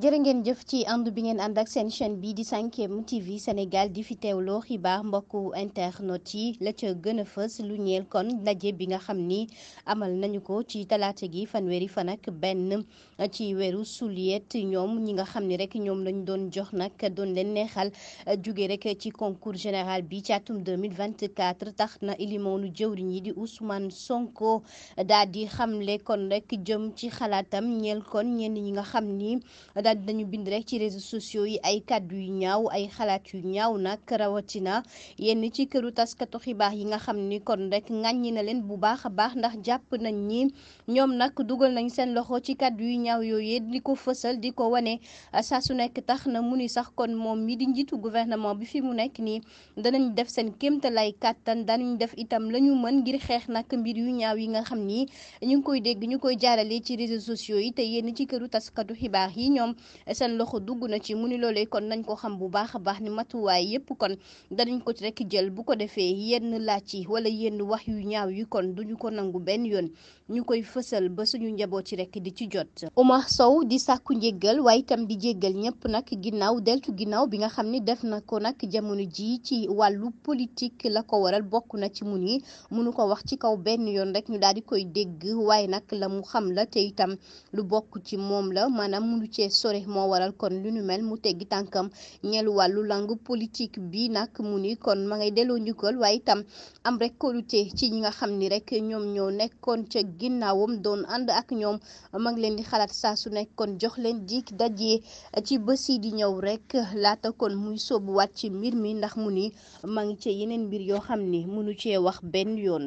jërë ngeen jëf ci ànd bi ngeen ànd ak seen chaîne bii di 5M TV Sénégal di fi teewloo xibaar mbokku internet yi la ca gën a fës lu ñeel kon ndaje bi nga xam ni amal nañu ko ci talaata gi fanweeri fan ak benn ci weeru suliet ñoom ñi nga xam ni rek ñoom lañu doon jox nag doon leen neexal jóge rek ci concours général bi ci atum 2024 tax na ilimoonu jëwriñ yi di Ousmane Sonko daal di xamle kon rek jëm ci xalaatam ñeel kon ñenn ñi nga xam ni. daal di nañu bind rek ci réseaux sociaux yi ay kàddu yu ñaaw ay xalaat yu ñaaw nag rawatina yenn ci këru taskatu xibaar yi nga xam ni kon rek ŋàññi na leen bu baax a baax ndax jàpp nañ ni ñoom nag dugal nañ seen loxo ci kàddu yu ñaaw yooyu di ko fësal di ko wane saa su nekk tax na mu ni sax kon moom mi di njiitu gouvernement bi fi mu nekk nii danañ def seen kéemtalaay kàttan danañ def itam la mën ngir xeex nag mbir yu ñaaw yi nga xam ni yenn ci këru taskatu xibaar yi ñoom seen loxo dugg na ci mu ni loolee kon nañ ko xam bu baax a baax ni matuwaay yépp kon danañ ko ci rek jël bu ko defee yenn laaj yi wala yenn wax yu ñaaw yi kon duñu ko nangu benn yoon ñu koy fësal ba suñu njaboot yi rekk di ci jot Omar Sow di sàkku njéggal waaye itam di jéggal ñëpp nag ginnaaw deltu ginnaaw bi nga xam ni def na ko nag jamono ji ci wàllu politique la ko waral bokk na ci mun yi munu ko wax ci kaw benn yoon rek ñu daal di koy dégg waaye nag la mu xam la te itam lu bokk ci moom la maanaam sore moo waral kon lu nu mel mu teggi tànkam ñeel wàllu langue politique bi nag mu ni kon ma ngay delloo njukkal waaye itam am rek kóolute ci ñi nga xam ni rek ñoom ñoo nekkoon ca ginnaawam doon ànd ak ñoom mag leen di xalaat saa su nekkoon jox leen dik dajee ci bés yi di ñëw rek laata kon muy soobuwaat ci mbir mi ndax mu ni ma ngi ca yeneen mbir yoo xam ni mënu cee wax benn yoon.